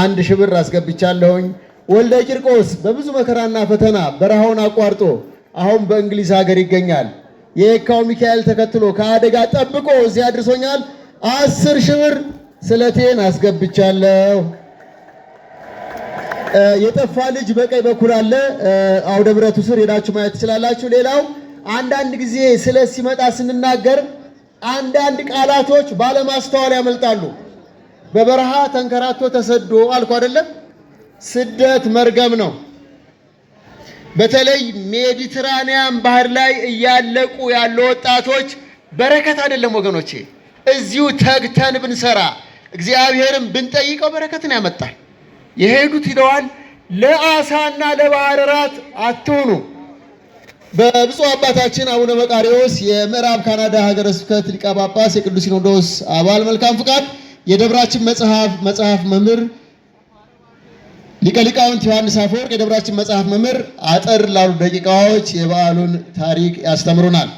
አንድ ሺህ ብር አስገብቻለሁኝ። ወልደ ቂርቆስ በብዙ መከራና ፈተና በረሃውን አቋርጦ አሁን በእንግሊዝ ሀገር ይገኛል። የካው ሚካኤል ተከትሎ ከአደጋ ጠብቆ እዚህ አድርሶኛል። አስር ሺህ ብር ስለቴን አስገብቻለሁ። የጠፋ ልጅ በቀኝ በኩል አለ። አውደ ብረቱ ስር ሄዳችሁ ማየት ትችላላችሁ። ሌላው አንዳንድ ጊዜ ስለ ሲመጣ ስንናገር አንዳንድ ቃላቶች ባለማስተዋል ያመልጣሉ። በበረሃ ተንከራቶ ተሰዶ አልኩ አይደለም። ስደት መርገም ነው። በተለይ ሜዲትራኒያን ባህር ላይ እያለቁ ያሉ ወጣቶች በረከት አይደለም ወገኖቼ። እዚሁ ተግተን ብንሰራ እግዚአብሔርን ብንጠይቀው በረከትን ያመጣል። የሄዱት ሂደዋል። ለአሳና ለባህር ራት አትሁኑ። በብፁዕ አባታችን አቡነ መቃሪዎስ የምዕራብ ካናዳ ሀገረ ስብከት ሊቀ ጳጳስ የቅዱስ ሲኖዶስ አባል መልካም ፍቃድ የደብራችን መጽሐፍ መጽሐፍ መምህር ሊቀ ሊቃውንት ዮሐንስ አፈወርቅ የደብራችን መጽሐፍ መምህር አጠር ላሉ ደቂቃዎች የበዓሉን ታሪክ ያስተምሩናል።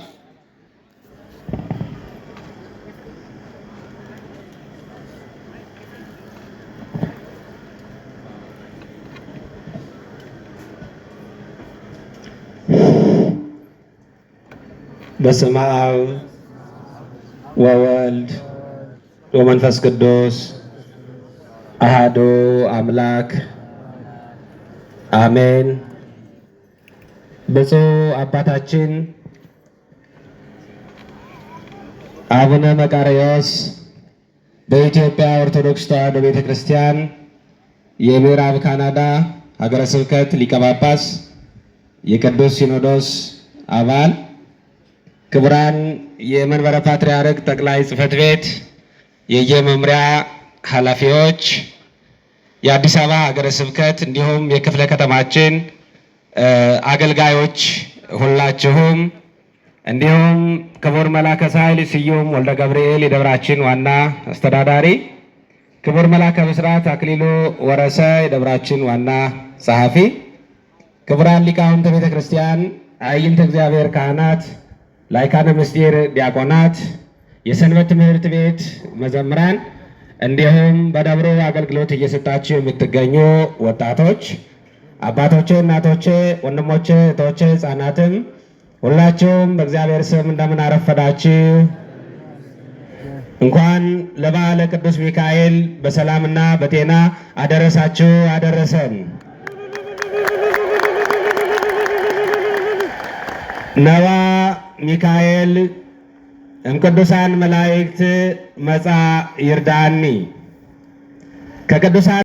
በስመ አብ ወወልድ ወመንፈስ ቅዱስ አህዶ አምላክ አሜን። ብፁዕ አባታችን አቡነ መቃርዮስ በኢትዮጵያ ኦርቶዶክስ ተዋሕዶ ቤተ ክርስቲያን የምዕራብ ካናዳ ሀገረ ስብከት ሊቀጳጳስ የቅዱስ ሲኖዶስ አባል፣ ክቡራን የመንበረ ፓትርያርክ ጠቅላይ ጽሕፈት ቤት የየመምሪያ ኃላፊዎች፣ የአዲስ አበባ ሀገረ ስብከት እንዲሁም የክፍለ ከተማችን አገልጋዮች ሁላችሁም እንዲሁም ክቡር መላከ ሳይል ስዩም ወልደ ገብርኤል የደብራችን ዋና አስተዳዳሪ፣ ክቡር መላከ ብስራት አክሊሉ ወረሰ የደብራችን ዋና ጸሐፊ፣ ክቡራን ሊቃውንተ ቤተ ክርስቲያን፣ አይንተ እግዚአብሔር ካህናት፣ ላይካነ ምስጢር ዲያቆናት የሰንበት ትምህርት ቤት መዘምራን እንዲሁም በደብሮ አገልግሎት እየሰጣችሁ የምትገኙ ወጣቶች፣ አባቶቼ፣ እናቶቼ፣ ወንድሞቼ፣ እህቶቼ፣ ህጻናትም ሁላችሁም በእግዚአብሔር ስም እንደምን አረፈዳችሁ። እንኳን ለበዓለ ቅዱስ ሚካኤል በሰላምና በጤና አደረሳችሁ አደረሰን። ነዋ ሚካኤል እምቅዱሳን መላእክት መጻ ይርዳኒ ከቅዱሳን